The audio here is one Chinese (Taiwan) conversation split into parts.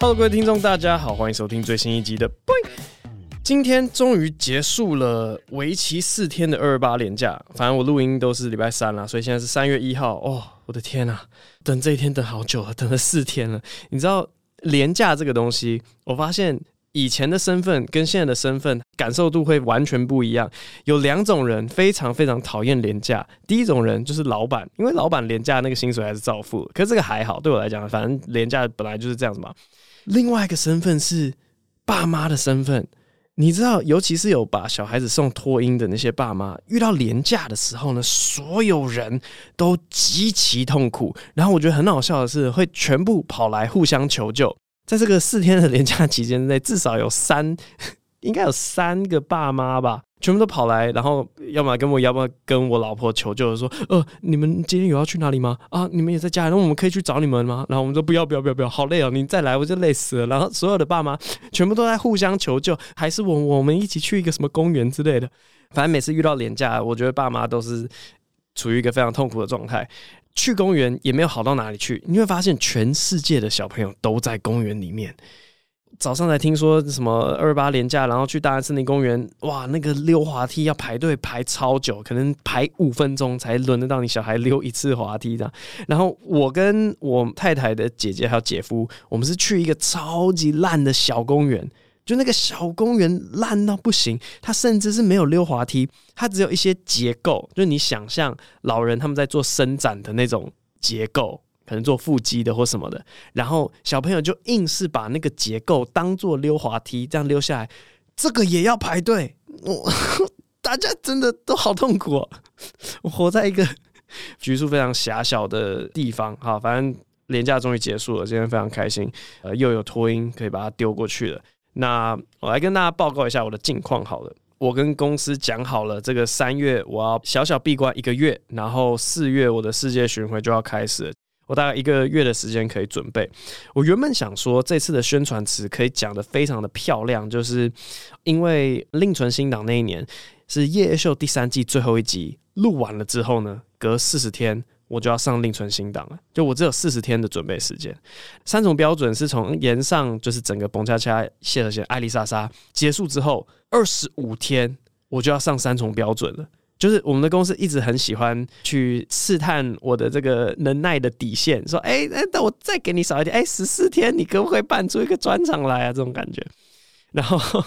Hello，各位聽眾，大家好，歡迎收聽最新一集的《博音》。今天終於結束了為期四天的二二八連假。反正我錄音都是禮拜三了，所以現在是三月一號。哦，我的天啊，等這一天等好久了，等了四天了。你知道連假這個東西，我發現。以前的身份跟現在的身份感受度會完全不一樣。有兩種人非常非常討厭連假，第一種人就是老板，因為老板連假那個薪水還是照付，可是這個還好，對我來講，反正連假本來就是這樣子嘛。另外一個身份是爸媽的身份，你知道，尤其是有把小孩子送托嬰的那些爸媽，遇到連假的時候呢，所有人都極其痛苦。然後我覺得很好笑的是，會全部跑來互相求救。在這個四天的連假期間內，至少有三，應該有三個爸媽吧，全部都跑來，然後要麼跟我，要麼跟我老婆求救，說：“呃，你們今天有要去哪裡嗎？啊，你們也在家，那我們可以去找你們嗎？”然後我們說：“不要，不要，不要，不要，好累哦，你再來我就累死了。”然後所有的爸媽全部都在互相求救，還是我我們一起去一個什麼公園之類的。反正每次遇到連假，我覺得爸媽都是處於一個非常痛苦的狀態。去公園也沒有好到哪裡去，你會發現全世界的小朋友都在公園裡面。早上才聽說什麼二八連假，然後去大安森林公園，哇，那個溜滑梯要排隊排超久，可能排五分鐘才輪得到你小孩溜一次滑梯這樣。然後我跟我太太的姐姐還有姐夫，我們是去一個超級爛的小公園。就那個小公園爛到不行，它甚至是沒有溜滑梯，它只有一些結構，就是你想象老人他們在做伸展的那種結構，可能做腹肌的或什麼的，然後小朋友就硬是把那個結構當做溜滑梯，這樣溜下來，這個也要排隊，我、哦、大家真的都好痛苦、哦，我活在一個局促非常狹小的地方，好，反正連假終於結束了，今天非常開心，呃，又有拖音可以把它丟過去了。那我來跟大家報告一下我的近況好了，我跟公司講好了，這個三月我要小小閉關一個月，然後四月我的世界巡迴就要開始了，我大概一個月的時間可以準備。我原本想說這次的宣傳詞可以講得非常的漂亮，就是因為《另存新檔》那一年是《夜夜秀》第三季最後一集錄完了之後呢，隔四十天。我就要上另存新檔了，就我只有四十天的準備時間。三重標準是從炎上就是整個崩恰恰、謝和弦、艾麗莎莎結束之後二十五天，我就要上三重標準了。就是我們的公司一直很喜歡去試探我的這個能耐的底線，說：“哎、欸，那、欸、那我再給你少一點，哎、欸，十四天你可不可以辦出一個專場來啊？”這種感覺，然後。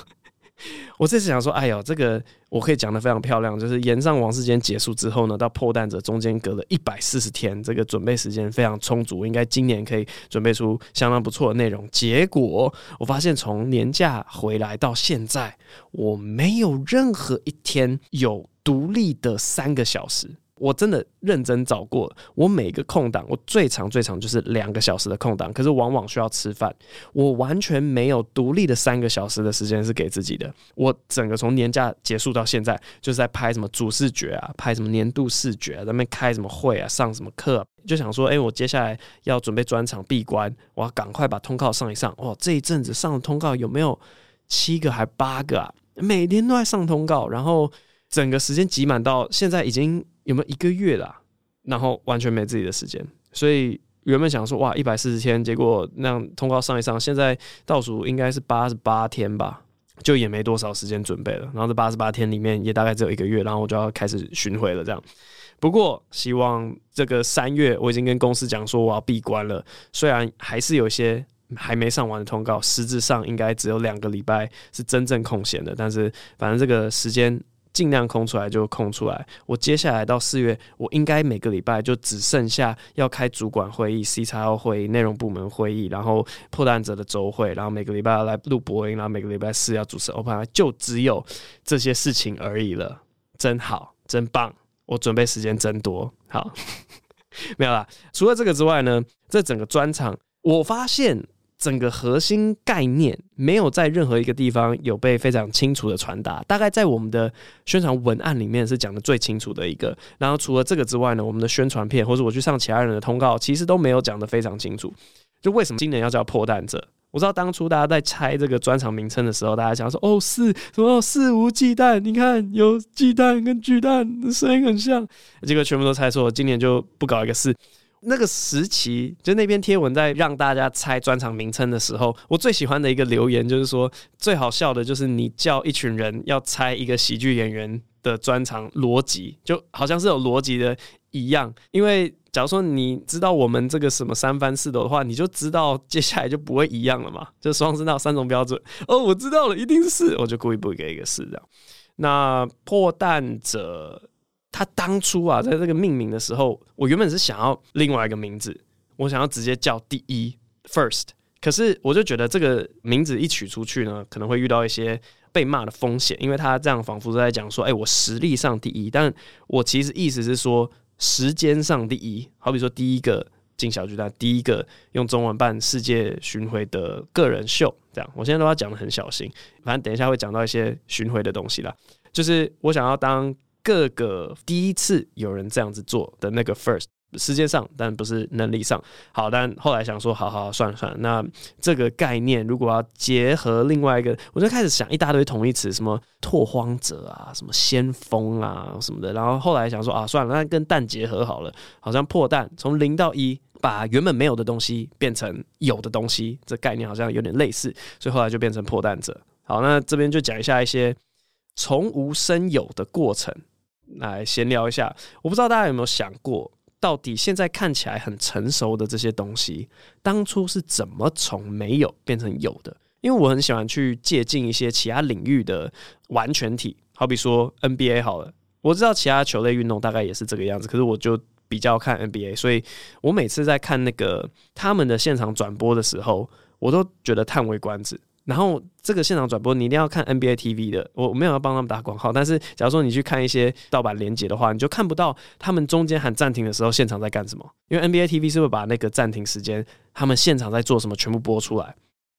我這次想說，哎呦，這個我可以講得非常漂亮。就是《炎上王世堅》結束之後呢，到《破蛋者》中間隔了一百四十天，這個準備時間非常充足，應該今年可以準備出相當不錯的內容。結果我發現，從年假回來到現在，我沒有任何一天有獨立的三個小時。我真的認真找過，我每個空檔，我最長最長就是兩個小時的空檔，可是往往需要吃飯，我完全沒有獨立的三個小時的時間是給自己的。我整個從年假結束到現在，就是在拍什麼主視覺啊，拍什麼年度視覺、啊，在那邊開什麼會啊，上什麼課、啊，就想說，哎、欸，我接下來要準備專場閉關，我要趕快把通告上一上。哇，這一陣子上的通告有沒有七個還八個啊？每天都在上通告，然後。整個時間擠滿到現在已經有沒有一個月了、啊，然後完全沒自己的時間，所以原本想說哇一百四十天，140, 000, 結果那樣通告上一上，現在倒數應該是八十八天吧，就也沒多少時間準備了。然後這八十八天裡面也大概只有一個月，然後我就要開始巡回了。這樣，不過希望這個三月我已經跟公司講說我要閉關了。雖然還是有一些還沒上完的通告，實質上應該只有兩個禮拜是真正空閒的，但是反正這個時間。盡量空出來就空出來。我接下來到四月，我應該每個禮拜就只剩下要開主管會議、C 叉 O 會議、內容部門會議，然後破蛋者的週會，然後每個禮拜要來錄播音，然後每個禮拜四要主持 Open，就只有這些事情而已了。真好，真棒！我準備時間真多，好 沒有啦，除了這個之外呢，這整個專場，我發現。整個核心概念沒有在任何一個地方有被非常清楚的傳達，大概在我們的宣傳文案裡面是講得最清楚的一個。然後除了這個之外呢，我們的宣傳片或者我去上其他人的通告，其實都沒有講得非常清楚。就為什麼今年要叫破蛋者？我知道當初大家在猜這個專場名稱的時候，大家想說哦，是什麼肆、哦、無忌憚？你看有雞蛋跟巨蛋的聲音很像，結果全部都猜錯。今年就不搞一個肆。那個時期，就那篇貼文在讓大家猜專場名稱的時候，我最喜歡的一個留言就是說，最好笑的就是你叫一群人要猜一個喜劇演員的專場邏輯，就好像是有邏輯的一樣。因為假如說你知道我們這個什麼三番四抖的話，你就知道接下來就不會一樣了嘛。就雙聲道、三種標準，哦，我知道了，一定是，我就故意不意給一個四這樣。那破蛋者。他當初啊，在這個命名的時候，我原本是想要另外一個名字，我想要直接叫第一 （First）。可是我就覺得這個名字一取出去呢，可能會遇到一些被罵的風險，因為他這樣仿佛是在講說：“哎、欸，我實力上第一。”但我其實意思是說，時間上第一。好比說，第一個進小巨蛋，第一個用中文辦世界巡迴的個人秀，這樣。我現在都要講得很小心，反正等一下會講到一些巡迴的東西啦。就是我想要當。各個第一次有人這樣子做的那個 first 時間上，但不是能力上。好，但後來想說，好好、啊、算了算了。那這個概念如果要結合另外一個，我就開始想一大堆同義詞，什麼拓荒者啊，什麼先鋒啊，什麼的。然後後來想說啊，算了，那跟蛋結合好了，好像破蛋從零到一，把原本沒有的東西變成有的東西，這概念好像有點類似，所以後來就變成破蛋者。好，那這邊就講一下一些從無生有的過程。來閒聊一下，我不知道大家有沒有想過，到底現在看起來很成熟的這些東西，當初是怎麼從沒有變成有的？因為我很喜歡去借鑑一些其他領域的完全體，好比說 NBA 好了，我知道其他球類運動大概也是這個樣子，可是我就比較看 NBA，所以我每次在看那個他們的現場轉播的時候，我都覺得嘆為觀止。然後這個現場轉播你一定要看 NBA TV 的，我我沒有要幫他們打廣告，但是假如說你去看一些盜版連接的話，你就看不到他們中間喊暫停的時候現場在幹什麼，因為 NBA TV 是會把那個暫停時間他們現場在做什麼全部播出來。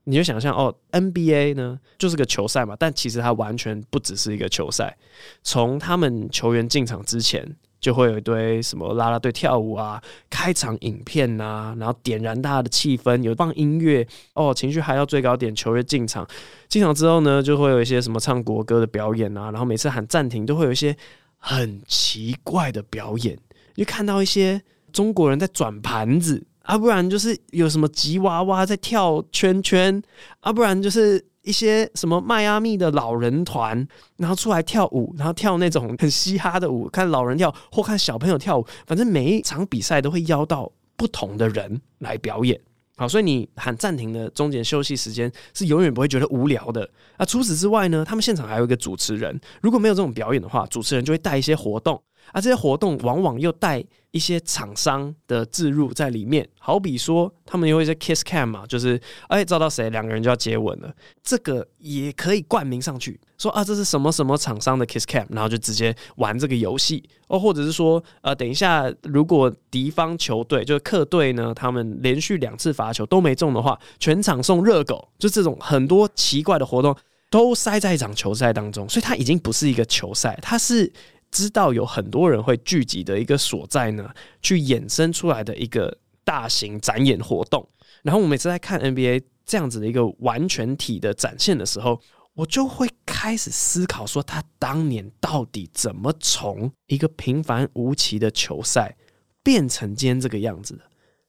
你就想象哦，NBA 呢就是個球賽嘛，但其實它完全不只是一個球賽，從他們球員進場之前，就會有一堆什麼啦啦隊跳舞啊，開場影片吶，啊，然後點燃大家的氣氛，有放音樂哦，情緒還要最高點，球員進場，進場之後呢，就會有一些什麼唱國歌的表演啊，然後每次喊暫停都會有一些很奇怪的表演，你看到一些中國人在轉盤子啊，不然就是有什麼吉娃娃在跳圈圈啊，不然就是。一些什麼邁阿密的老人團，然後出來跳舞，然後跳那種很嘻哈的舞，看老人跳或看小朋友跳舞，反正每一場比賽都會邀到不同的人來表演。好，所以你喊暫停的中間休息時間是永遠不會覺得無聊的。啊，除此之外呢，他們現場還有一個主持人，如果沒有這種表演的話，主持人就會帶一些活動。啊，這些活動往往又帶一些廠商的置入在裡面。好比說，他們有一些 kiss cam 嘛，就是哎，照、欸、到誰兩個人就要接吻了，這個也可以冠名上去，說啊，這是什麼什麼廠商的 kiss cam，然後就直接玩這個遊戲哦。或者是說，呃，等一下，如果敵方球隊就是客隊呢，他們連續兩次罰球都沒中的話，全場送熱狗，就這種很多奇怪的活動都塞在一場球賽當中，所以它已經不是一個球賽，它是。知道有很多人會聚集的一個所在呢，去衍生出來的一個大型展演活動。然後我每次在看 NBA 這樣子的一個完全體的展現的時候，我就會開始思考說，他當年到底怎麼從一個平凡無奇的球賽變成今天這個樣子的？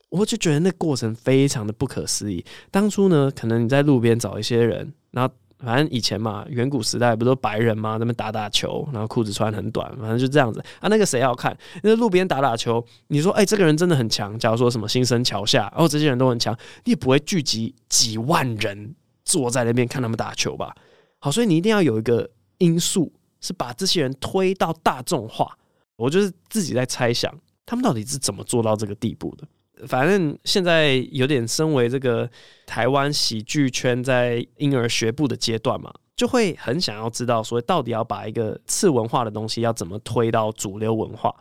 我就覺得那過程非常的不可思議。當初呢，可能你在路邊找一些人，然後。反正以前嘛，遠古時代不都白人嘛，他們打打球，然後褲子穿很短，反正就這樣子。啊，那個誰要看？那個、路邊打打球，你說，哎、欸，這個人真的很強。假如說什麼新生橋下，然、哦、後這些人都很強，你也不會聚集幾萬人坐在那邊看他們打球吧？好，所以你一定要有一個因素是把這些人推到大眾化。我就是自己在猜想，他們到底是怎麼做到這個地步的。反正現在有點身為這個台灣喜劇圈在嬰兒學步的階段嘛，就會很想要知道，說到底要把一個次文化的東西要怎麼推到主流文化。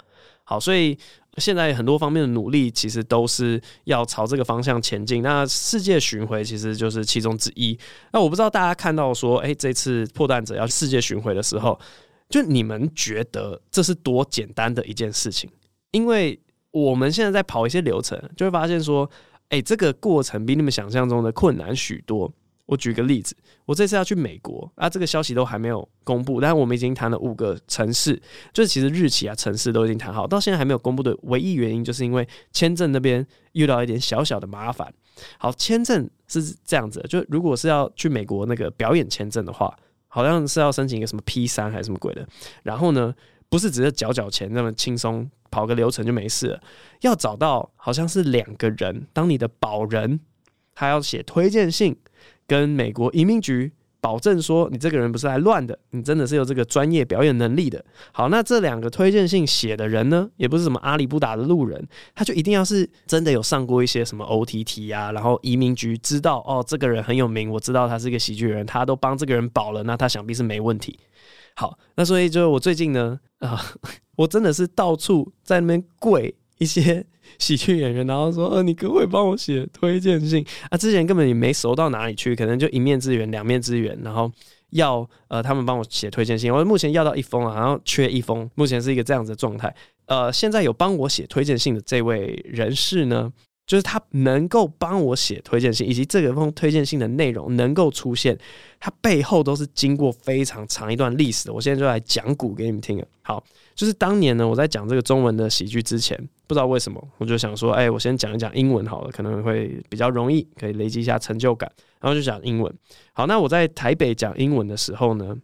好，所以現在很多方面的努力，其實都是要朝這個方向前進。那世界巡迴其實就是其中之一。那我不知道大家看到說，誒、欸，這次破蛋者要世界巡迴的時候，就你們覺得這是多簡單的一件事情？因為我們現在在跑一些流程，就會發現說，哎、欸，這個過程比你們想象中的困難許多。我舉個例子，我這次要去美國啊，這個消息都還沒有公布，但是我們已經談了五個城市，就是其實日期啊、城市都已經談好，到現在還沒有公布的唯一原因，就是因為簽證那邊遇到一點小小的麻煩。好，簽證是這樣子，就如果是要去美國那個表演簽證的話，好像是要申請一個什麼 P 三還是什麼鬼的，然後呢，不是，只是繳繳錢那麼輕鬆，跑個流程就沒事了。要找到好像是兩個人當你的保人，他要寫推薦信，跟美國移民局保證說你這個人不是來亂的，你真的是有這個專業表演能力的。好，那這兩個推薦信寫的人呢，也不是什麼阿里不達的路人，他就一定要是真的有上過一些什麼 OTT 呀，然後移民局知道哦，這個人很有名，我知道他是一個喜劇人，他都幫這個人保了，那他想必是沒問題。好，那所以就我最近呢，啊、呃，我真的是到處在那邊跪一些喜劇演員，然後說，呃，你可不可以幫我寫推薦信啊？之前根本也沒熟到哪裡去，可能就一面之緣、兩面之緣，然後要呃他們幫我寫推薦信。我目前要到一封啊，然後缺一封，目前是一個這樣子的狀態。呃，現在有幫我寫推薦信的這位人士呢，就是他能夠幫我寫推薦信，以及這個封推薦信的內容能夠出現，它背後都是經過非常長一段歷史的。我現在就來講古給你們聽了。好，就是當年呢，我在講這個中文的喜劇之前，不知道為什麼我就想說，哎，我先講一講英文好了，可能會比較容易，可以累積一下成就感。然後就講英文。好，那我在台北講英文的時候呢，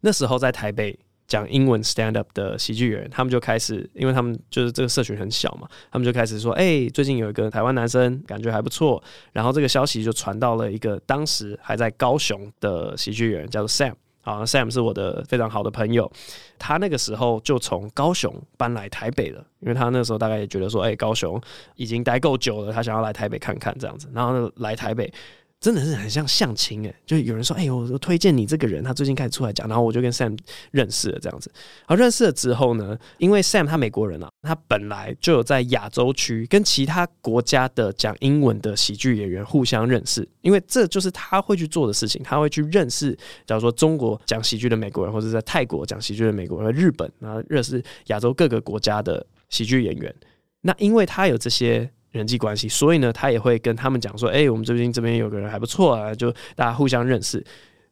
那時候在台北，講英文 stand up 的喜劇演員他們就開始，因為他們就是這個社群很小嘛，他們就開始說，哎、欸，最近有一個台灣男生，感覺還不錯，然後這個消息就傳到了一個當時還在高雄的喜劇演員叫做 Sam 啊，Sam 是我的非常好的朋友，他那個時候就從高雄搬來台北了，因為他那個時候大概也覺得說，哎、欸，高雄已經待夠久了，他想要來台北看看這樣子，然後來台北。真的是很像相親哎，就有人說：“哎、欸，我推薦你這個人，他最近開始出來講。”然後我就跟 Sam 認識了，這樣子。好，認識了之後呢，因為 Sam 他美國人啊，他本來就有在亞洲區跟其他國家的講英文的喜劇演員互相認識，因為這就是他會去做的事情，他會去認識，假如說中國講喜劇的美國人，或者在泰國講喜劇的美國人、或日本啊，然後認識亞洲各個國家的喜劇演員。那因為他有這些。人際關係，所以呢，他也會跟他們講說：“欸，我們最近這邊有個人還不錯啊，就大家互相認識。”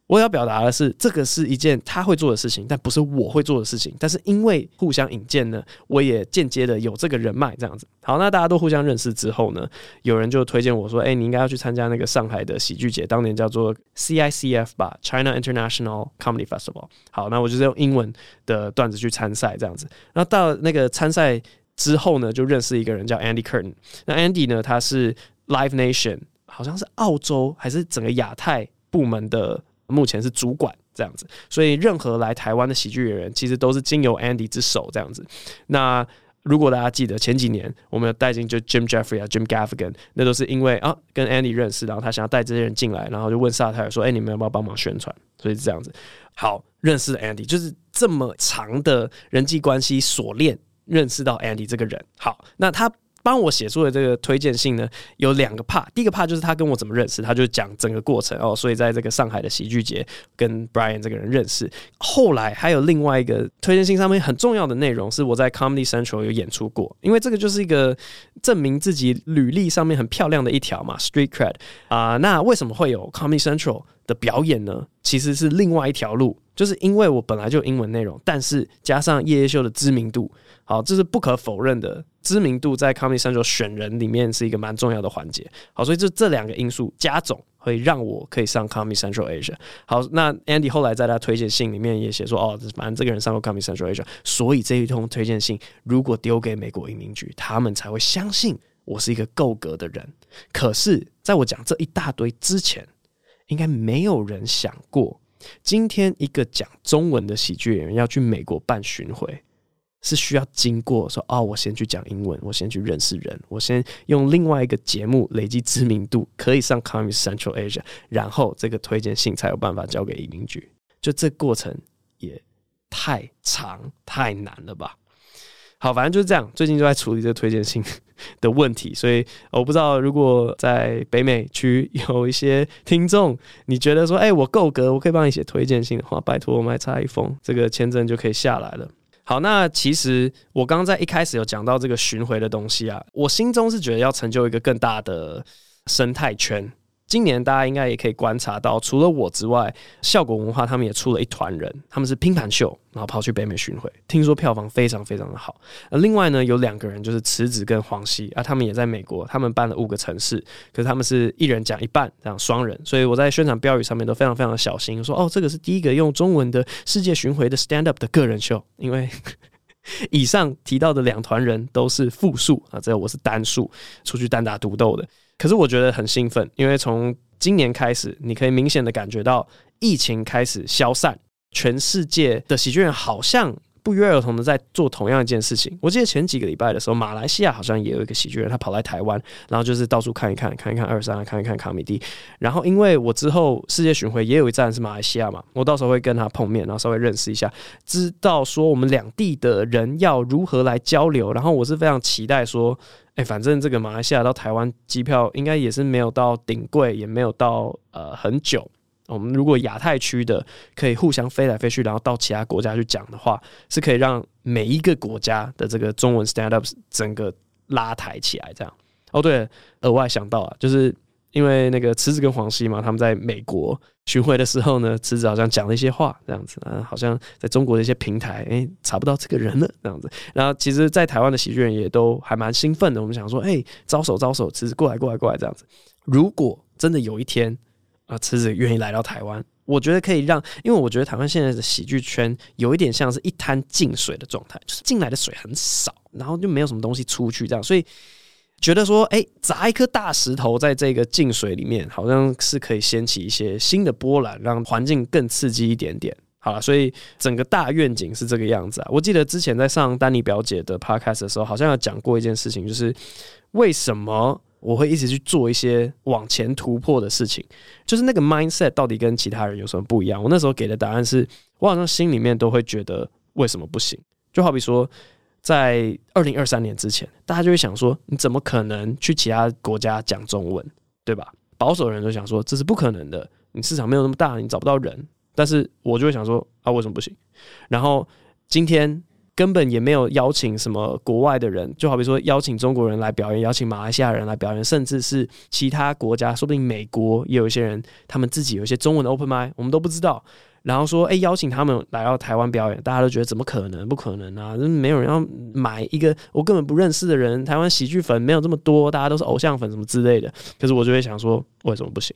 我要表達的是，這個是一件他會做的事情，但不是我會做的事情。但是因為互相引薦呢，我也間接的有這個人脈，這樣子。好，那大家都互相認識之後呢，有人就推薦我說：“欸，你應該要去參加那個上海的喜劇節，當年叫做 CICF 吧，China International Comedy Festival。”好，那我就是用英文的段子去參賽，這樣子。那到那個參賽，之後呢，就認識一個人叫 Andy Curtin。那 Andy 呢，他是 Live Nation，好像是澳洲還是整個亞太部門的目前是主管這樣子。所以任何來台灣的喜劇演員，其實都是經由 Andy 之手這樣子。那如果大家記得前幾年，我們有帶進就 Jim Jeffrey 啊、Jim Gaffigan，那都是因為啊跟 Andy 認識，然後他想要帶這些人進來，然後就問薩泰爾說：“哎、欸，你們要不要幫忙宣傳？”所以是這樣子。好，認識 Andy 就是這麼長的人際關係鎖鏈。認識到 Andy 這個人，好，那他幫我寫出的這個推薦信呢，有兩個 part，第一個 part 就是他跟我怎麼認識，他就講整個過程哦。所以在這個上海的喜劇節跟 Brian 這個人認識，後來還有另外一個推薦信上面很重要的內容是我在 Comedy Central 有演出過，因為這個就是一個證明自己履歷上面很漂亮的一條嘛，Street cred 啊、呃。那為什麼會有 Comedy Central？的表演呢，其實是另外一條路，就是因為我本來就有英文內容，但是加上夜夜秀的知名度，好，這是不可否認的。知名度在 Comedy Central 選人裡面是一個蠻重要的環節。好，所以就這這兩個因素加總會讓我可以上 Comedy Central Asia。好，那 Andy 後來在他推薦信裡面也寫說，哦，反正這個人上過 Comedy Central Asia，所以這一通推薦信如果丟給美國移民局，他們才會相信我是一個夠格的人。可是，在我講這一大堆之前。應該沒有人想過，今天一個講中文的喜劇演員要去美國辦巡回，是需要經過說，哦，我先去講英文，我先去認識人，我先用另外一個節目累積知名度，可以上 Comedy Central Asia，然後這個推薦信才有辦法交給移民局。就這過程也太長，太難了吧？好，反正就是這樣。最近就在處理這個推薦信的問題，所以我不知道，如果在北美區有一些聽眾，你覺得說，哎、欸，我夠格，我可以幫你寫推薦信的話，拜托，我們還差一封，這個簽證就可以下來了。好，那其實我剛剛在一開始有講到這個巡回的東西啊，我心中是覺得要成就一個更大的生態圈。今年大家應該也可以觀察到，除了我之外，笑果文化他們也出了一團人，他們是拼盤秀，然後跑去北美巡迴，聽說票房非常非常的好。而另外呢，有兩個人就是池子跟黃西啊，他們也在美國，他們辦了五個城市，可是他們是一人講一半，這樣雙人，所以我在宣傳標語上面都非常非常的小心，說哦，這個是第一個用中文的世界巡迴的 stand up 的個人秀，因為 以上提到的兩團人都是複數啊，只有我是單數，出去單打獨鬥的。可是我覺得很興奮，因為從今年開始，你可以明顯的感覺到疫情開始消散，全世界的喜劇人好像。不約而同的在做同樣一件事情。我記得前幾個禮拜的時候，馬來西亞好像也有一個喜劇人，他跑來台灣，然後就是到處看一看，看一看二三，看一看 comedy。然後因為我之後世界巡迴也有一站是馬來西亞嘛，我到時候會跟他碰面，然後稍微認識一下，知道說我們兩地的人要如何來交流。然後我是非常期待說，哎、欸，反正這個馬來西亞到台灣機票應該也是沒有到頂貴，也沒有到呃很久。哦、我們如果亞太區的可以互相飛來飛去，然後到其他國家去講的話，是可以讓每一個國家的這個中文 standups 整個拉抬起來。這樣哦，對了，對，額外想到啊，就是因為那個池子跟黃西嘛，他們在美國巡回的時候呢，池子好像講了一些話，這樣子啊，好像在中國的一些平台，哎、欸，查不到這個人了，這樣子。然後其實，在台灣的喜劇人也都還蠻興奮的，我們想說，哎、欸，招手招手，池子過來過來過來，這樣子。如果真的有一天，啊，池子願意來到台灣，我覺得可以讓，因為我覺得台灣現在的喜劇圈有一點像是一灘靜水的狀態，就是進來的水很少，然後就沒有什麼東西出去這樣，所以覺得說，誒、欸，砸一顆大石頭在這個靜水裡面，好像是可以掀起一些新的波瀾，讓環境更刺激一點點。好了，所以整個大願景是這個樣子啊。我記得之前在上丹尼表姐的 Podcast 的時候，好像有講過一件事情，就是為什麼我會一直去做一些往前突破的事情，就是那個 mindset 到底跟其他人有什麼不一樣？我那時候給的答案是，我好像心裡面都會覺得為什麼不行？就好比說，在二零二三年之前，大家就會想說，你怎麼可能去其他國家講中文，對吧？保守的人都想說這是不可能的，你市場沒有那麼大，你找不到人。但是我就會想說，啊，為什麼不行？然後今天。根本也沒有邀請什麼國外的人，就好比說邀請中國人來表演，邀請馬來西亞人來表演，甚至是其他國家，說不定美國也有一些人，他們自己有一些中文的 open 麥，我們都不知道。然後說，誒、欸，邀請他們來到台灣表演，大家都覺得怎麼可能？不可能啊！沒有人要買一個我根本不認識的人，台灣喜劇粉沒有這麼多，大家都是偶像粉什麼之類的。可是我就會想說，為什麼不行？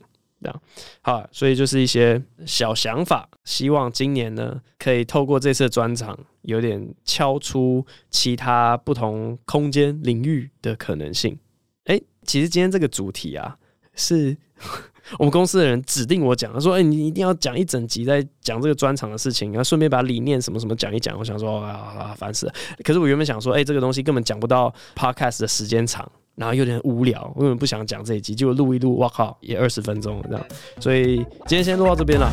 好、啊，所以就是一些小想法，希望今年呢可以透過這次專場，有點敲出其他不同空間領域的可能性。哎、欸，其實今天這個主題啊，是我們公司的人指定我講，他說哎、欸，你一定要講一整集，在講這個專場的事情，然後順便把理念什麼什麼講一講。我想說啊，煩死了！可是我原本想說，哎、欸，這個東西根本講不到 podcast 的時間長。然後又有點無聊，我有點不想講這一集，就錄一錄。我靠，也二十分鐘了這樣，所以今天先錄到這邊了。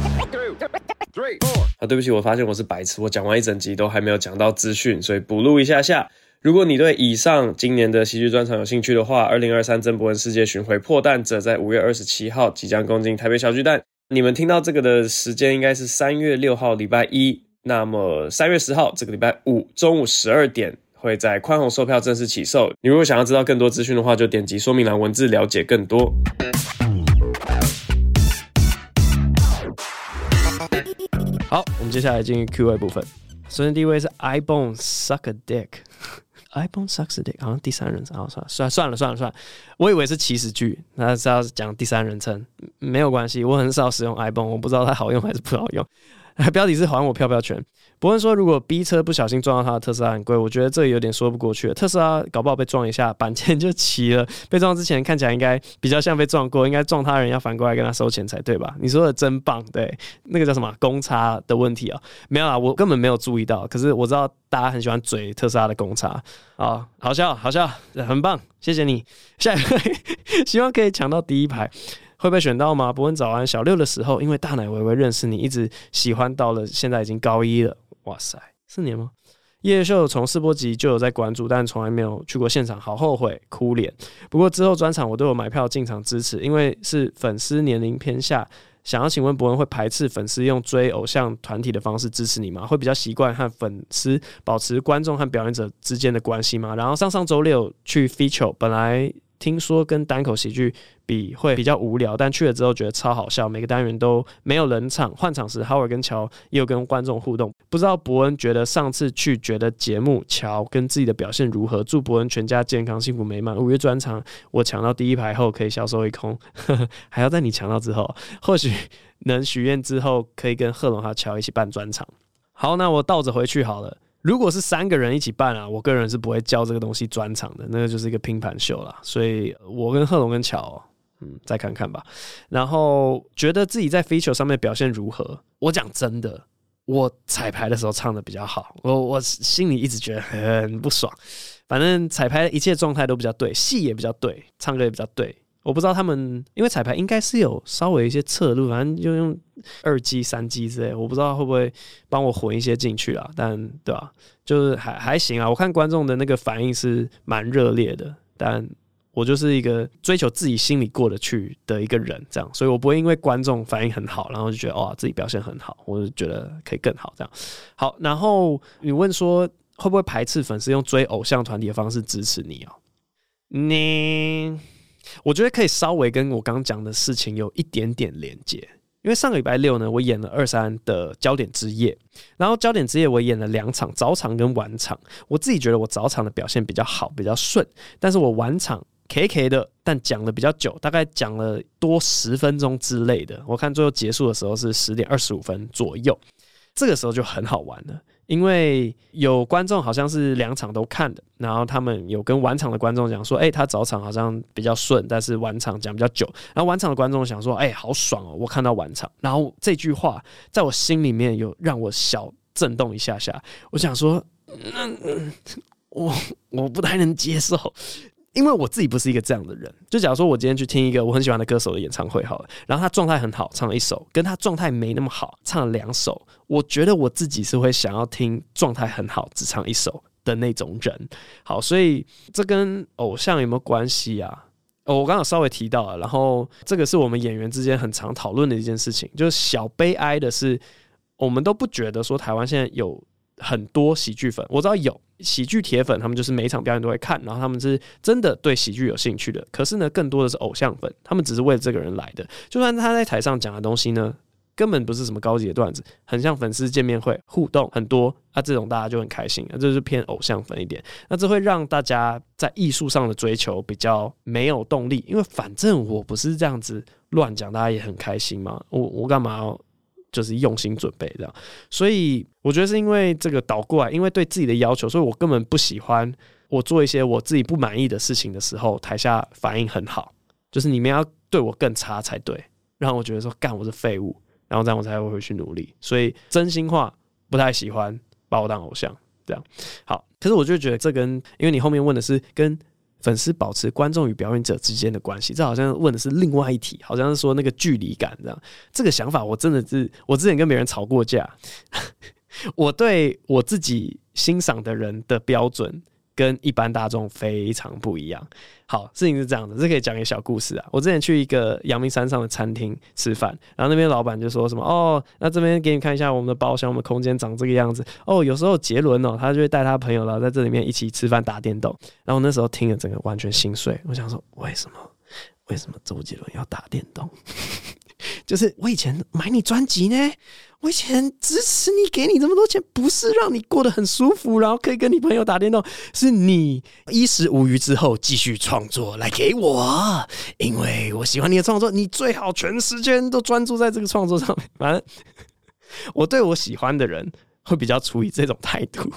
啊，對不起，我發現我是白痴，我講完一整集都還沒有講到資訊，所以補錄一下下。如果你對以上今年的喜劇專場有興趣的話，二零二三曾博恩世界巡迴破蛋者在五月二十七號即將攻進台北小巨蛋。你們聽到這個的時間應該是三月六號禮拜一，那麼三月十號這個禮拜五中午十二點，會在寬宏售票正式啟售。你如果想要知道更多資訊的話，就點擊說明欄文字了解更多。好，我們接下來進入 Q A 部分。首先第一位是 i bon e suck a dick，i bon e sucks a dick，好像第三人稱，哦，算了算了算了算了，算了，我以為是祈使句，那這要講第三人稱，沒有關係。我很少使用 i bon，我不知道它好用還是不好用。啊、標題是還我漂漂拳。博恩說，如果 B 車不小心撞到他的特斯拉很貴，我覺得這有點說不過去了。特斯拉搞不好被撞一下，板件就齊了。被撞之前看起來應該比較像被撞過，應該撞他人要反過來跟他收錢才對吧？你說的真棒，對，那個叫什麼公差的問題啊、喔？沒有啊，我根本沒有注意到。可是我知道大家很喜歡嘴特斯拉的公差啊，好笑，好笑，很棒，謝謝你。下一位，希望可以搶到第一排。會被選到嗎？博恩早安，小六的時候，因為大奶薇薇認識你，一直喜歡到了現在已經高一了，哇塞，四年嗎？夜秀從試播集就有在關注，但從來沒有去過現場，好後悔，哭臉。不過之後專場我都有買票進場支持，因為是粉絲年齡偏下，想要請問博恩會排斥粉絲用追偶像團體的方式支持你嗎？會比較習慣和粉絲保持觀眾和表演者之間的關係嗎？然後上上週六去 feature，本來。聽說跟單口喜劇比會比較無聊，但去了之後覺得超好笑，每個單元都沒有冷場，換場時哈維爾跟喬又跟觀眾互動。不知道博恩覺得上次去覺得節目喬跟自己的表現如何？祝博恩全家健康、幸福、美滿。五月專場我搶到第一排後可以銷售一空呵呵，還要在你搶到之後，或許能許願之後可以跟賀瓏和喬一起辦專場。好，那我倒着回去好了。如果是三個人一起辦啊，我個人是不會叫這個東西專場的，那個就是一個拼盤秀啦，所以，我跟賀瓏跟喬，嗯，再看看吧。然後，覺得自己在 feature 上面表現如何？我講真的，我彩排的時候唱的比較好，我我心裡一直覺得很不爽。反正彩排的一切狀態都比較對，戲也比較對，唱歌也比較對。我不知道他們，因為彩排應該是有稍微一些側錄，反正就用二機、三機之類，我不知道會不會幫我混一些進去啊？但對吧、啊，就是還還行啊。我看觀眾的那個反應是蠻熱烈的，但我就是一個追求自己心裡過得去的一個人，這樣，所以我不會因為觀眾反應很好，然後就覺得哇、哦啊、自己表現很好，我就覺得可以更好這樣。好，然後你問說會不會排斥粉絲用追偶像團體的方式支持你啊？你。我覺得可以稍微跟我剛剛講的事情有一點點連接，因為上個禮拜六呢，我演了二三的焦點之夜，然後焦點之夜我演了兩場，早場跟晚場，我自己覺得我早場的表現比較好，比較順，但是我晚場 KK 的，但講了比較久，大概講了多十分鐘之類的，我看最後結束的時候是十點二十五分左右，這個時候就很好玩了。因為有觀眾好像是兩場都看的，然後他們有跟晚場的觀眾講說：“欸，他早場好像比較順，但是晚場講比較久。”然後晚場的觀眾想說：“欸，好爽哦，我看到晚場。”然後這句話在我心裡面有讓我小震動一下下，我想說：“那我我不太能接受。”因為我自己不是一個這樣的人，就假如說我今天去聽一個我很喜歡的歌手的演唱會好了，然後他狀態很好，唱了一首，跟他狀態沒那麼好，唱了兩首。我覺得我自己是會想要聽狀態很好，只唱一首的那種人。好，所以這跟偶像有沒有關係啊？哦，我剛剛有稍微提到了，然後這個是我們演員之間很常討論的一件事情，就是小悲哀的是，我們都不覺得說台灣現在有。很多喜劇粉，我知道有喜劇鐵粉，他們就是每一場表演都會看，然後他們是真的對喜劇有興趣的。可是呢，更多的是偶像粉，他們只是為了這個人來的。就算他在台上講的東西呢，根本不是什麼高級的段子，很像粉絲見面會互動很多啊，這種大家就很開心啊，這是偏偶像粉一點。那這會讓大家在藝術上的追求比較沒有動力，因為反正我不是這樣子亂講，大家也很開心嘛，我我幹嘛要？就是用心準備這樣，所以我覺得是因為這個倒過來啊，因為對自己的要求，所以我根本不喜歡我做一些我自己不滿意的事情的時候，台下反應很好，就是你們要對我更差才對，讓我覺得說幹我是廢物，然後這樣我才會回去努力。所以真心話不太喜歡把我當偶像這樣。好，可是我就覺得這跟，因為你後面問的是跟。粉絲保持觀眾與表演者之間的關係，這好像問的是另外一題，好像是說那個距離感這樣。這個想法我真的是，我之前跟別人吵過架。 我對我自己欣賞的人的標準。跟一般大眾非常不一樣。好，事情是這樣的，這可以講一個小故事啊。我之前去一個陽明山上的餐廳吃飯，然後那邊老闆就說什麼：“哦，那這邊給你看一下我們的包廂，我們的空間長這個樣子。”哦，有時候杰倫哦，他就會帶他朋友了在這裡面一起吃飯打電動。然後那時候聽了整個完全心碎，我想說為什麼？為什麼周杰倫要打電動？ 就是我以前買你專輯呢。我以前支持你，給你這麼多錢，不是讓你過得很舒服，然後可以跟你朋友打電動。是你衣食無虞之後，繼續創作來給我，因為我喜歡你的創作。你最好全時間都專注在這個創作上面。反正我對我喜歡的人，會比較處於這種態度。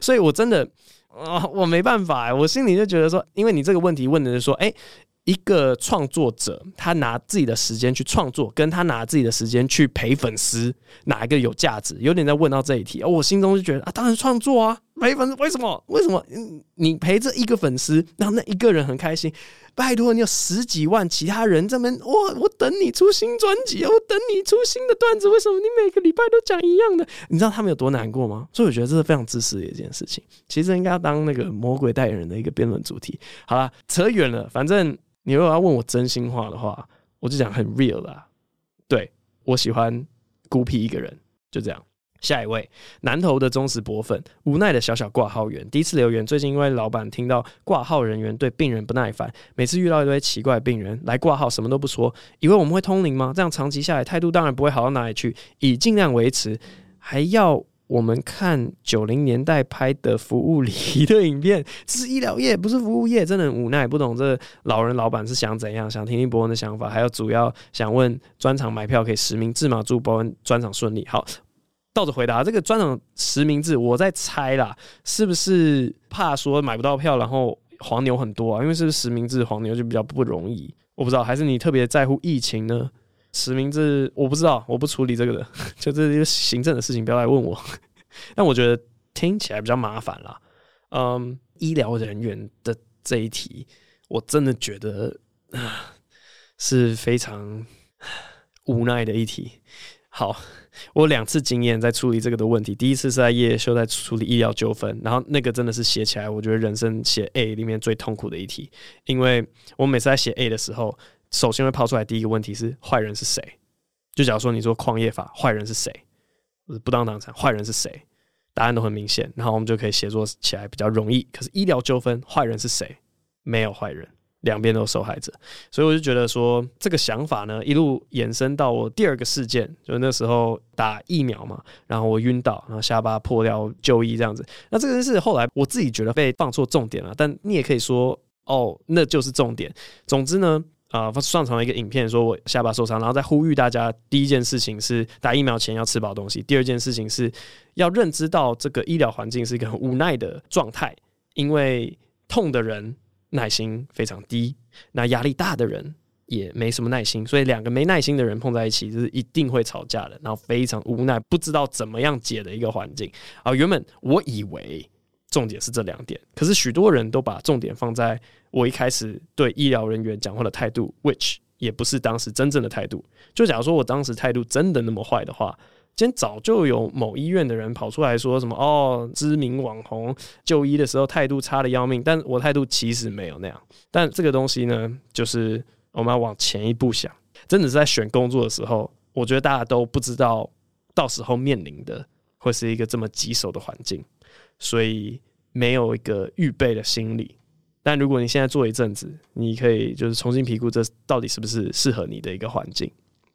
所以我真的啊，我沒辦法、欸，我心裡就覺得說，因為你這個問題問的是說，欸一個創作者，他拿自己的時間去創作，跟他拿自己的時間去陪粉絲，哪一個有價值？有點在問到這一題，哦、我心中就覺得啊，當然創作啊，陪粉絲為什麼？為什麼嗯，你陪着一個粉絲，讓那一個人很開心？拜托，你有十幾萬其他人在那邊。我我等你出新專輯，我等你出新的段子，為什麼你每個禮拜都講一樣的？你知道他們有多難過嗎？所以我覺得這是非常自私的一件事情，其實應該當那個魔鬼代言人的一個辯論主題。好了，扯遠了，反正。你如果要問我真心話的話，我就講很 real 啦、啊。對，我喜歡孤僻一個人，就這樣。下一位，南投的忠實博粉，無奈的小小掛號員，第一次留言。最近因為老闆聽到掛號人員對病人不耐煩，每次遇到一堆奇怪病人來掛號，什麼都不說，以為我們會通靈嗎？這樣長期下來，態度當然不會好到哪裡去，以盡量維持，還要。我們看九零年代拍的服務禮儀的影片，是醫療業，不是服務業，真的很無奈，不懂這老人老闆是想怎樣，想聽聽博恩的想法，還有主要想問專場買票可以實名制嗎？祝博恩專場順利。好，倒着回答，這個專場實名制，我在猜啦，是不是怕說買不到票，然後黃牛很多啊？因為是不是實名制，黃牛就比較不容易，我不知道，還是你特別在乎疫情呢？實名制我不知道，我不處理這個的，就是行政的事情，不要來問我。但我覺得聽起來比較麻煩啦。嗯，um，醫療人員的這一題，我真的覺得是非常無奈的一題。好，我兩次經驗在處理這個的問題，第一次是在夜修在處理醫療糾紛，然後那個真的是寫起來，我覺得人生寫 A 裡面最痛苦的一題，因為我每次在寫 A 的時候。首先會拋出來第一個問題是壞人是誰？就假如說你說礦業法，壞人是誰？不當黨產，壞人是誰？答案都很明顯，然後我們就可以協作起來比較容易。可是醫療糾紛，壞人是誰？沒有壞人，兩邊都有受害者，所以我就覺得說這個想法呢，一路延伸到我第二個事件，就那時候打疫苗嘛，然後我暈倒，然後下巴破掉就醫這樣子。那這個是後來我自己覺得被放錯重點了，但你也可以說哦，那就是重點。總之呢。啊、呃，上傳了一個影片，說我下巴受傷，然後在呼籲大家：第一件事情是打疫苗前要吃飽東西；第二件事情是要認知到這個醫療環境是一個很無奈的狀態，因為痛的人耐心非常低，那壓力大的人也沒什麼耐心，所以兩個沒耐心的人碰在一起就是一定會吵架的，然後非常無奈，不知道怎麼樣解的一個環境啊、呃。原本我以為。重點是這兩點，可是許多人都把重點放在我一開始對醫療人員講話的態度，which 也不是當時真正的態度。就假如說我當時態度真的那麼壞的話，今天早就有某醫院的人跑出來說什麼“哦，知名網紅就醫的時候態度差得要命”，但我態度其實沒有那樣。但這個東西呢，就是我們要往前一步想，真的是在選工作的時候，我覺得大家都不知道到時候面臨的會是一個這麼棘手的環境。所以沒有一個預備的心理，但如果你現在做一陣子，你可以就是重新評估這到底是不是適合你的一個環境。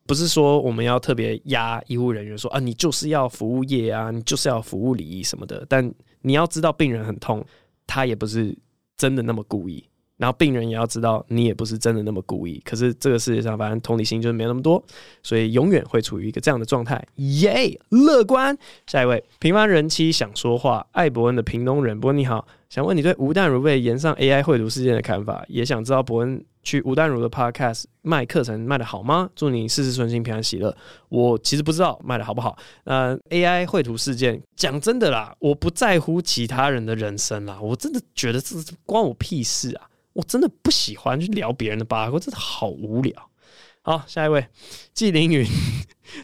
不是說我們要特別壓醫護人員說啊，你就是要服務業啊，你就是要服務禮儀什麼的。但你要知道病人很痛，他也不是真的那麼故意。然後病人也要知道，你也不是真的那麼故意。可是這個世界上，反正同理心就是沒有那麼多，所以永遠會處於一個這樣的狀態。耶、yeah!，樂觀。下一位，平凡人妻想說話，愛博恩的屏東人。博恩你好，想問你對吳淡如被延上 AI 繪圖事件的看法，也想知道博恩去吳淡如的 Podcast 賣課程賣得好嗎？祝你事事順心，平安喜樂。我其實不知道賣得好不好。呃，AI 繪圖事件，講真的啦，我不在乎其他人的人生啦，我真的覺得這關我屁事啊。我真的不喜歡去聊別人的八卦，我真的好無聊。好，下一位，季凌雲。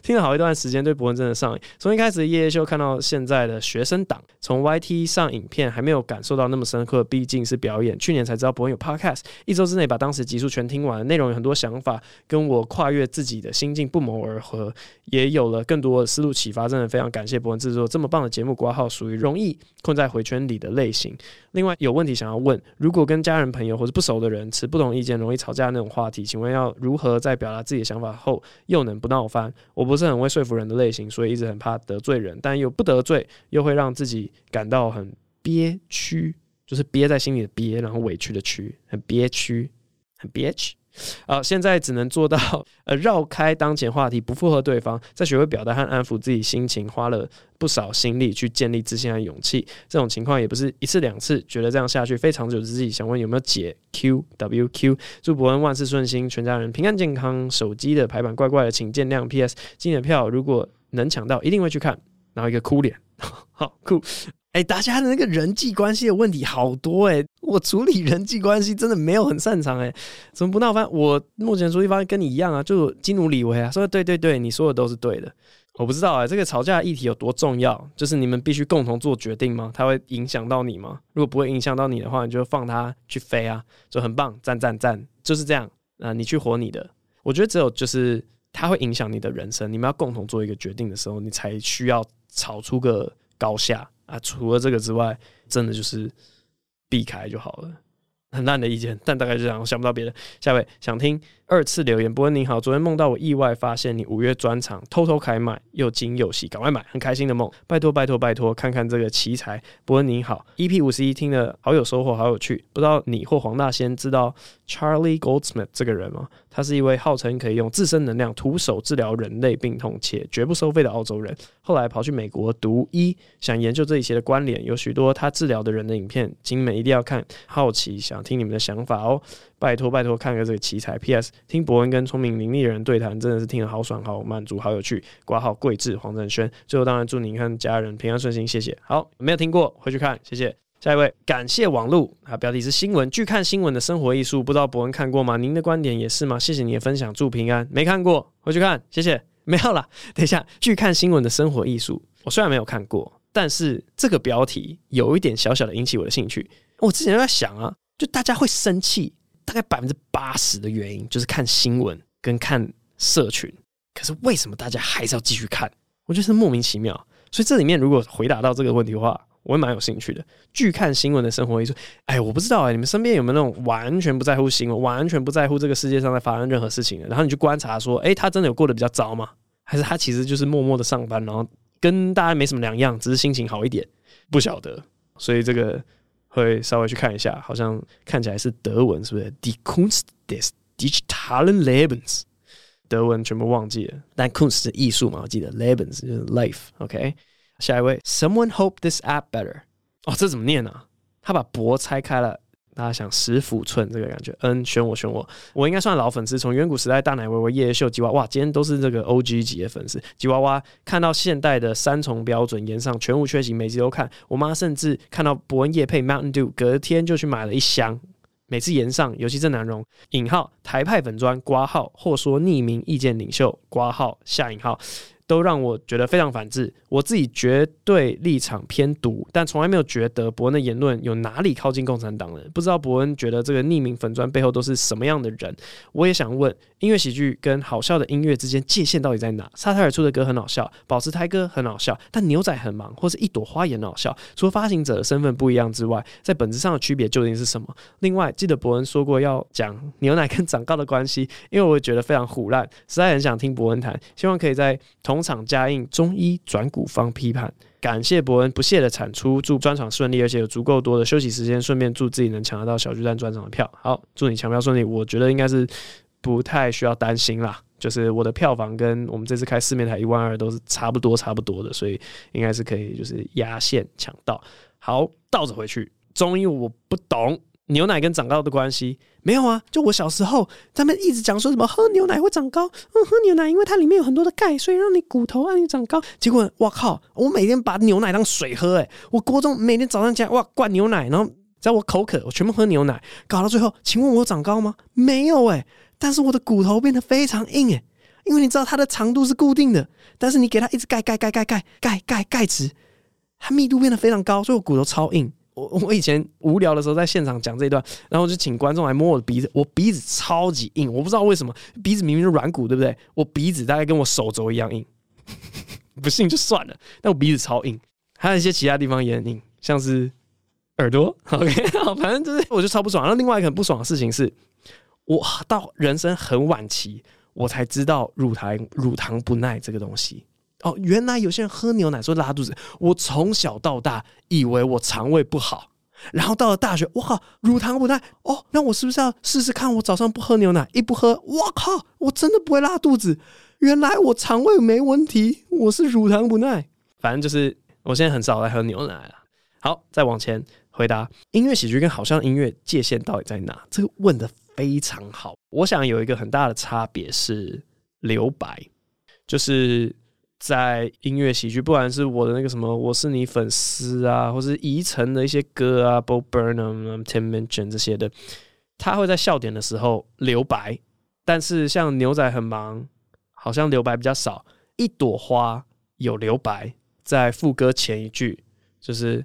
聽了好一段時間，對博恩真的上癮。從一開始夜夜秀看到現在的學生黨，從 YT 上影片還沒有感受到那麼深刻，畢竟是表演。去年才知道博恩有 podcast，一周之內把當時集數全聽完，內容有很多想法，跟我跨越自己的心境不謀而合，也有了更多思路啟發。真的非常感謝博恩制作這麼棒的節目。括號屬於容易困在回圈裡的類型。另外有問題想要問：如果跟家人、朋友或是不熟的人持不同意見，容易吵架的那種話題，請問要如何在表達自己的想法後，又能不鬧翻？我不是很會說服人的類型，所以一直很怕得罪人，但又不得罪，又會讓自己感到很憋屈，就是憋在心裡的憋，然後委屈的屈，很憋屈，很憋屈。啊，現在只能做到呃，繞開當前話題，不符合對方，再學會表達和安撫自己心情，花了不少心力去建立自信和勇氣。這種情況也不是一次兩次，覺得這樣下去非長久之計，想問有沒有解？QWQ，祝博恩萬事順心，全家人平安健康。手機的排版怪怪的，請見諒。P.S. 今年票如果能搶到，一定會去看。然後一個哭臉， 好酷。哎、欸，大家的那個人際關係的問題好多哎、欸，我處理人際關係真的沒有很擅長哎、欸，怎麼不鬧翻？我目前處理方跟你一樣啊，就金努里維啊，說對對對，你說的都是對的。我不知道啊、欸，這個吵架的議題有多重要？就是你們必須共同做決定嗎？它會影響到你嗎？如果不會影響到你的話，你就放他去飛啊，就很棒，讚讚讚，就是這樣。啊、呃，你去活你的，我覺得只有就是它會影響你的人生。你們要共同做一個決定的時候，你才需要吵出個高下。啊，除了這個之外，真的就是避開就好了。很爛的意見，但大概就這樣，我想不到別的。下一位想聽二次留言。伯恩你好，昨天夢到我意外發現你五月專場偷偷開賣，又驚又喜，趕快買，很開心的夢。拜托拜托拜托，看看這個奇才。伯恩你好，EP 五十一聽得好有收穫，好有趣。不知道你或黃大仙知道 Charlie Goldsmith 這個人嗎？他是一位號稱可以用自身能量徒手治療人類病痛且絕不收費的澳洲人，後來跑去美國讀醫，想研究這一些的關聯。有許多他治療的人的影片，請你們一定要看。好奇想聽你們的想法哦、喔，拜托拜托看個這個奇才。P.S. 聽博恩跟聰明伶俐的人對談，真的是聽得好爽、好滿足、好有趣。掛號桂智黃振軒，最後當然祝您和家人平安順心，謝謝。好，有沒有聽過回去看，謝謝。下一位，感謝網路啊，標題是新聞，拒看新聞的生活藝術，不知道博恩看過嗎？您的觀點也是嗎？謝謝你的分享，祝平安。沒看過，回去看。謝謝。沒有啦，等一下，拒看新聞的生活藝術，我雖然沒有看過，但是這個標題有一點小小的引起我的興趣。我之前在想啊，就大家會生氣，大概百分之八十的原因就是看新聞跟看社群。可是為什麼大家還是要繼續看？我覺得是莫名其妙。所以這裡面如果回答到這個問題的話。我也蠻有興趣的，去看新聞的生活藝術。哎，我不知道、欸、你們身邊有沒有那種完全不在乎新聞，完全不在乎這個世界上在發生任何事情的？然後你去觀察說，哎、欸，他真的有過得比較糟嗎？還是他其實就是默默的上班，然後跟大家沒什麼兩樣，只是心情好一點？不曉得，所以這個會稍微去看一下。好像看起來是德文，是不是？Die Kunst des digitalen Lebens，德文全部忘記了，但 Kunst 是藝術嘛？我記得 Lebens 就是 life，OK，okay？下一位，Someone hope this app better。哦，這怎麼念呢、啊？他把博拆開了，大家想十甫寸這個感覺。嗯，選我選我，我應該算老粉絲，從遠古時代大奶薇薇夜秀吉娃娃，哇，今天都是這個 O G 級的粉絲吉娃娃，看到現代的三重標準，炎上全無缺席，每集都看。我媽甚至看到博恩業配 Mountain Dew，隔天就去買了一箱。每次炎上，尤其鄭南榕引號台派粉專括號或說匿名意見領袖，括號下引號。都讓我覺得非常反智。我自己絕對立場偏獨，但從來沒有覺得博恩的言論有哪裡靠近共產黨人。不知道博恩覺得這個匿名粉專背後都是什麼樣的人？我也想問，音樂喜劇跟好笑的音樂之間界限到底在哪？薩泰爾出的歌很好笑，保時泰歌很好笑，但牛仔很忙，或是一朵花也很好笑。除了發行者的身份不一樣之外，在本質上的區別究竟是什麼？另外，記得博恩說過要講牛奶跟長高的關係，因為我覺得非常唬爛，實在很想聽博恩談。希望可以在同。工廠加印中醫轉股方批判，感謝博恩不懈的產出，祝專場順利，而且有足夠多的休息時間。順便祝自己能搶得到小巨蛋專場的票，好，祝你搶票順利。我覺得應該是不太需要擔心啦，就是我的票房跟我們這次開四面台一萬二都是差不多差不多的，所以應該是可以就是壓線搶到。好，倒着回去，中醫我不懂，牛奶跟長高的關係。沒有啊，就我小時候，他們一直講說什麼喝牛奶會長高，嗯，喝牛奶因為它裡面有很多的鈣，所以讓你骨頭啊你長高。結果我靠，我每天把牛奶當水喝，欸，哎，我國中每天早上起來哇灌牛奶，然後在我口渴，我全部喝牛奶，搞到最後，請問我長高嗎？沒有哎，欸，但是我的骨頭變得非常硬哎，欸，因為你知道它的長度是固定的，但是你給它一直蓋蓋蓋蓋蓋蓋蓋蓋子，它密度變得非常高，所以我骨頭超硬。我我以前無聊的時候在現場講這一段，然後我就請觀眾來摸我的鼻子，我鼻子超級硬，我不知道為什麼，鼻子明明是軟骨，對不對？我鼻子大概跟我手肘一樣硬， 不信就算了，但我鼻子超硬，還有一些其他地方也很硬，像是耳朵，okay, 好，OK 反正就是我就超不爽。然後另外一個很不爽的事情是，我到人生很晚期，我才知道乳糖乳糖不耐這個東西。哦，原來有些人喝牛奶說拉肚子。我從小到大以為我腸胃不好，然後到了大學，我靠，乳糖不耐。哦，那我是不是要試試看？我早上不喝牛奶，一不喝，我靠，我真的不會拉肚子。原來我腸胃沒問題，我是乳糖不耐。反正就是，我現在很少來喝牛奶了。好，再往前回答，音樂喜劇跟好像音樂界限到底在哪？這個問得非常好。我想有一個很大的差別是留白，就是。在音樂喜劇，不管是我的那個什麼，我是你粉絲啊，或是遺傳的一些歌啊，Bo Burnham、Tim Minchin 這些的，他會在笑點的時候留白。但是像牛仔很忙，好像留白比較少。一朵花有留白在副歌前一句，就是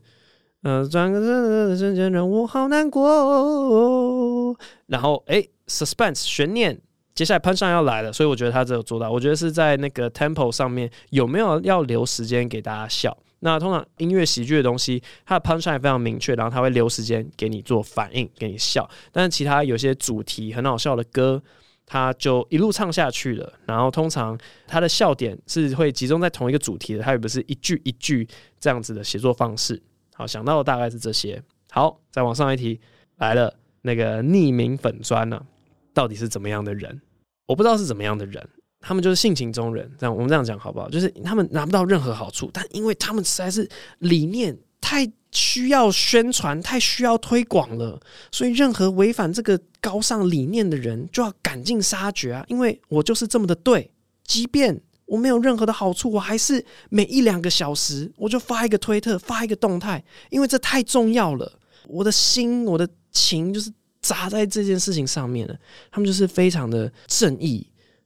嗯，轉個身瞬間讓我好難過。然後哎，Suspense 懸念。接下來 punchline 要來了，所以我覺得他只有做到。我覺得是在那個 tempo 上面，有沒有要留時間給大家笑？那通常音樂喜劇的東西，它的 punchline 也非常明確，然後他會留時間給你做反應，給你笑。但是其他有些主題很好笑的歌，他就一路唱下去了。然後通常他的笑點是會集中在同一個主題的，他也不是一句一句這樣子的寫作方式。好，想到的大概是這些。好，再往上一題來了，那個匿名粉專呢、啊，到底是怎麼樣的人？我不知道是怎麼樣的人，他們就是性情中人。這樣我們這樣講好不好？就是他們拿不到任何好處，但因為他們實在是理念太需要宣傳、太需要推廣了，所以任何違反這個高尚理念的人就要趕盡殺絕啊！因為我就是這麼的對，即便我沒有任何的好處，我還是每一兩個小時我就發一個推特、發一個動態，因為這太重要了。我的心、我的情就是。砸在這件事情上面了，他們就是非常的正義、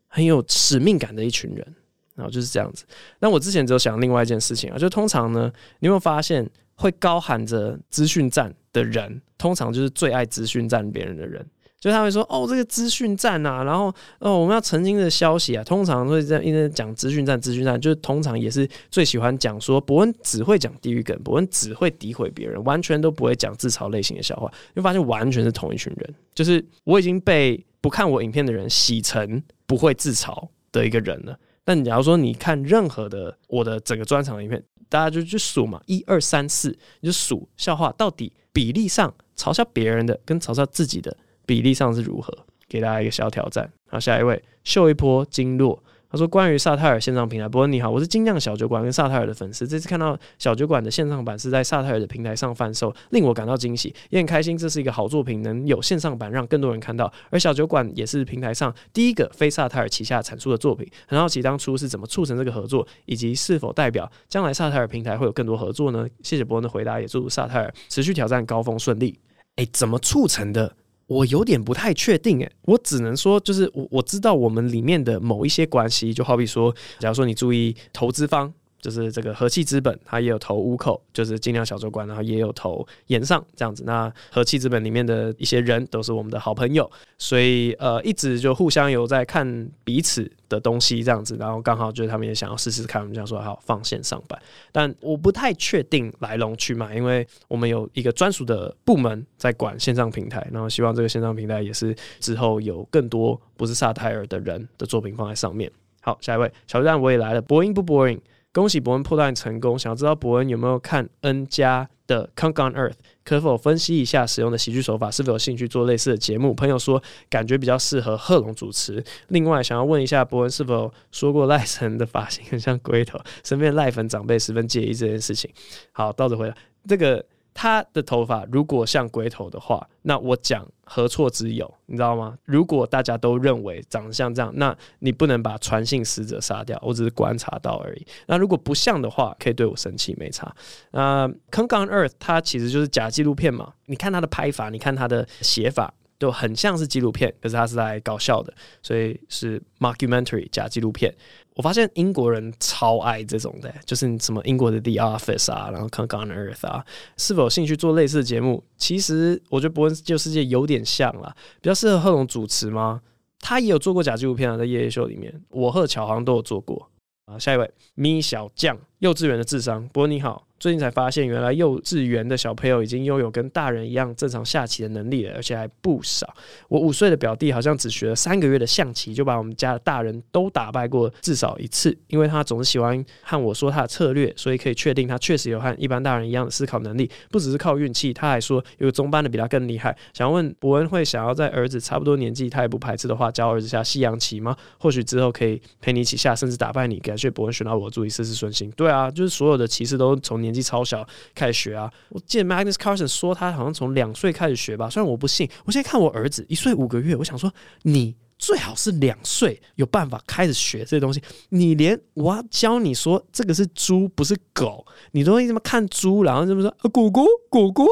很有使命感的一群人，然後就是這樣子。那我之前只有想另外一件事情啊，就通常呢，你有沒有發現會高喊着資訊戰的人，通常就是最愛資訊戰別人的人。所以他會說：“哦，這個資訊戰吶，然後哦，我們要澄清的消息啊，通常會在一直講資訊戰，資訊戰，就是通常也是最喜歡講說博恩只會講地獄梗，博恩只會詆毀別人，完全都不會講自嘲類型的笑話。就發現完全是同一群人，就是我已經被不看我影片的人洗成不會自嘲的一個人了。但假如說你看任何的我的整個專場影片，大家就去數嘛，一二三四，你就數笑話到底比例上嘲笑別人的跟嘲笑自己的。”比例上是如何？給大家一個小挑戰。好，下一位秀一波經絡。他說：“關於薩泰爾線上平台，博恩你好，我是《精釀小酒館》跟薩泰爾的粉絲。這次看到《小酒館》的線上版是在薩泰爾的平台上販售，令我感到驚喜，也很開心。這是一個好作品，能有線上版讓更多人看到。而《小酒館》也是平台上第一個非薩泰爾旗下產出的作品，很好奇當初是怎麼促成這個合作，以及是否代表將來薩泰爾平台會有更多合作呢？謝謝博恩的回答，也祝薩泰爾持續挑戰高峰順利。哎、欸，怎麼促成的？”我有點不太確定誒，我只能說，就是我我知道我們裡面的某一些關係，就好比說，假如說你注意投資方。就是這個和氣資本，它也有投屋口，就是盡量小做官，然後也有投鹽上這樣子。那和氣資本裡面的一些人都是我們的好朋友，所以呃，一直就互相有在看彼此的東西這樣子。然後剛好就是他們也想要試試看，我們想說，好放線上版，但我不太確定來龍去脈，因為我們有一個專屬的部門在管線上平台，然後希望這個線上平台也是之後有更多不是薩泰爾的人的作品放在上面。好，下一位「小巨蛋我也來了，Boring 不 Boring」。恭喜博恩破蛋成功，想知道博恩有沒有看 N 家的《Cunk on Earth》，可否分析一下使用的喜劇手法？是否有興趣做類似的節目？朋友說感覺比較適合賀龍主持。另外，想要問一下博恩是否說過賴神的髮型很像龜頭，身邊賴粉長輩十分介意這件事情。好，倒着回答這個。他的頭髮如果像龜頭的話，那我講何錯之有，你知道嗎？如果大家都認為長得像這樣，那你不能把傳信使者殺掉，我只是觀察到而已。那如果不像的話，可以對我生氣沒差。那《Kong on Earth》它其實就是假紀錄片嘛，你看它的拍法，你看它的寫法。就很像是紀錄片，可是它是在搞笑的，所以是 mockumentary 假紀錄片。我發現英國人超愛這種的，欸，就是什麼英國的 The Office 啊，然後 Cunk on Earth 啊，是否有興趣做類似的節目？其實我覺得《博恩舊世界》有點像啦，比較適合賀瓏主持嗎？他也有做過假紀錄片啊，在《夜夜秀》裡面，我和喬航都有做過啊。下一位，咪小將，幼稚園的智商，博恩你好。最近才發現，原來幼稚園的小朋友已經擁有跟大人一樣正常下棋的能力了，而且還不少。我五歲的表弟好像只學了三個月的象棋，就把我們家的大人都打敗過至少一次。因為他總是喜歡和我說他的策略，所以可以確定他確實有和一般大人一樣的思考能力，不只是靠運氣。他還說有中班的比他更厲害。想問伯恩會想要在兒子差不多年紀，他也不排斥的話，教兒子下西洋棋嗎？或許之後可以陪你一起下，甚至打敗你。感謝伯恩，選到我祝你事事順心。對啊，就是所有的棋士都從年年紀超小開始學啊！我記得 Magnus Carlsen 說他好像從兩歲開始學吧，雖然我不信。我現在看我兒子一歲五個月，我想說你最好是兩歲有辦法開始學這些東西。你連我教你說這個是豬不是狗，你都會這麼看豬，然後這麼說啊，果果果果，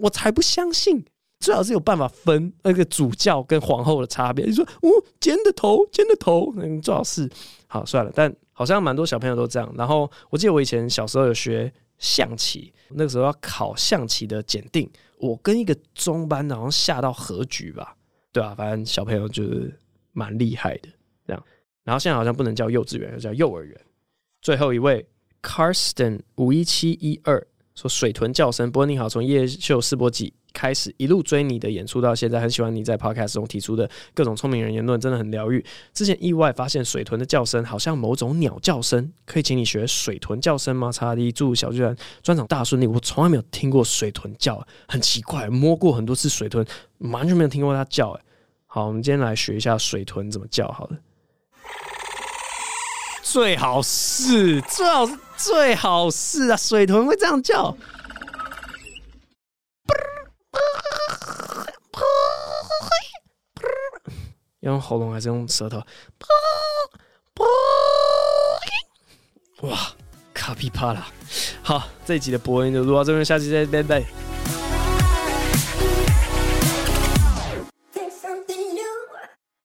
我才不相信。最好是有辦法分那個主教跟皇後的差別。你說哦，尖的頭，尖的頭，你、嗯、最好是好算了。但好像蠻多小朋友都這樣。然後我記得我以前小時候有學。象棋，那個時候要考象棋的檢定，我跟一個中班然後下到和局吧，對啊，反正小朋友就是蠻厲害的這樣。然後現在好像不能叫幼稚園，要叫幼兒園。最後一位，Carsten 五一七一二。說水豚叫聲，博恩你好，從夜秀世博集開始一路追你的演出到現在，很喜歡你在 podcast 中提出的各種聰明人言論，真的很療癒。之前意外發現水豚的叫聲好像某種鳥叫聲，可以請你學水豚叫聲嗎？查理祝小巨蛋專場大順利。我從來沒有聽過水豚叫，很奇怪，摸過很多次水豚，完全沒有聽過它叫。哎，好，我們今天來學一下水豚怎麼叫，好了。最好是，最好是。最好是啊，水豚會這樣叫。用喉嚨還是用舌頭？哇，卡皮巴拉！好，這一集的播音就錄到這邊，下期再見，拜拜。